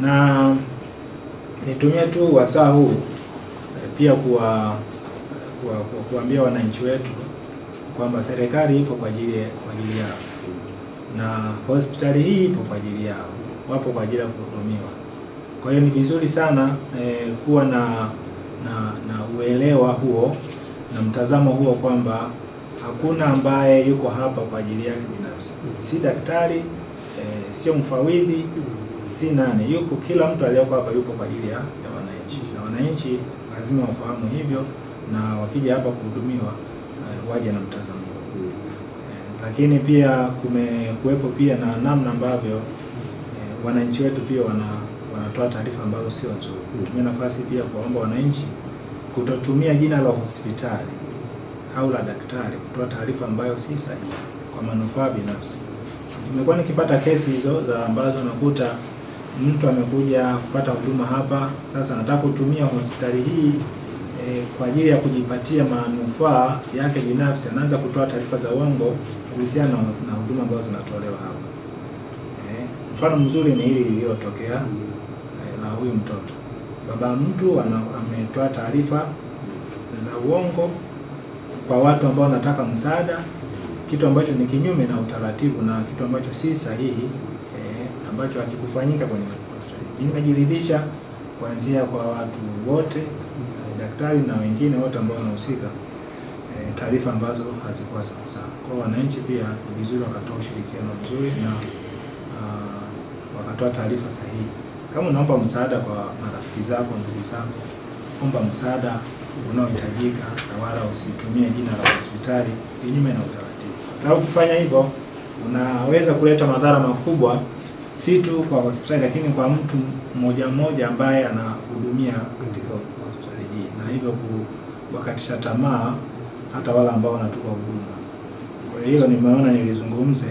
na nitumie tu wasaa huu eh, pia kuwa kuambia wananchi wetu kwamba serikali ipo kwa ajili kwa ajili yao na hospitali hii ipo kwa ajili yao, wapo kwa ajili ya kuhudumiwa. Kwa hiyo ni vizuri sana eh, kuwa na, na na uelewa huo na mtazamo huo kwamba hakuna ambaye yuko hapa kwa ajili yake binafsi, si daktari eh, sio mfawidhi si nane, yuko kila mtu aliyoko hapa yuko kwa ajili ya, ya wananchi, na wananchi lazima wafahamu hivyo, na wakija hapa kuhudumiwa uh, waje na mtazamo huu eh, lakini pia kumekuwepo pia na namna ambavyo eh, wananchi wetu pia wana wanatoa taarifa ambazo sio nzuri. Nitumie nafasi pia kuwaomba wananchi kutotumia jina la hospitali au la daktari kutoa taarifa ambayo si sahihi kwa manufaa binafsi. Nimekuwa nikipata kesi hizo za ambazo nakuta mtu amekuja kupata huduma hapa, sasa anataka kutumia hospitali hii e, kwa ajili ya kujipatia manufaa yake binafsi, anaanza kutoa taarifa za uongo kuhusiana na huduma ambazo zinatolewa hapa. E, mfano mzuri ni hili lililotokea e, na huyu mtoto, baba mtu ametoa taarifa za uongo kwa watu ambao wanataka msaada, kitu ambacho ni kinyume na utaratibu na kitu ambacho si sahihi ambacho hakikufanyika kwenye hospitali. Nimejiridhisha kuanzia kwa watu wote, eh, daktari na wengine wote ambao wanahusika, e, taarifa ambazo hazikuwa sawa sawa. Kwa wananchi pia ni vizuri wakatoa ushirikiano mzuri na ah, wakatoa taarifa sahihi. Kama unaomba msaada kwa marafiki zako, ndugu zako, omba msaada unaohitajika na wala usitumie jina la hospitali kinyume na utaratibu, kwa sababu kufanya hivyo unaweza kuleta madhara makubwa si tu kwa hospitali, lakini kwa mtu mmoja mmoja ambaye anahudumia katika hospitali hii, na hivyo kuwakatisha tamaa hata wale ambao wanatupa huduma. Kwa hiyo nimeona nilizungumze.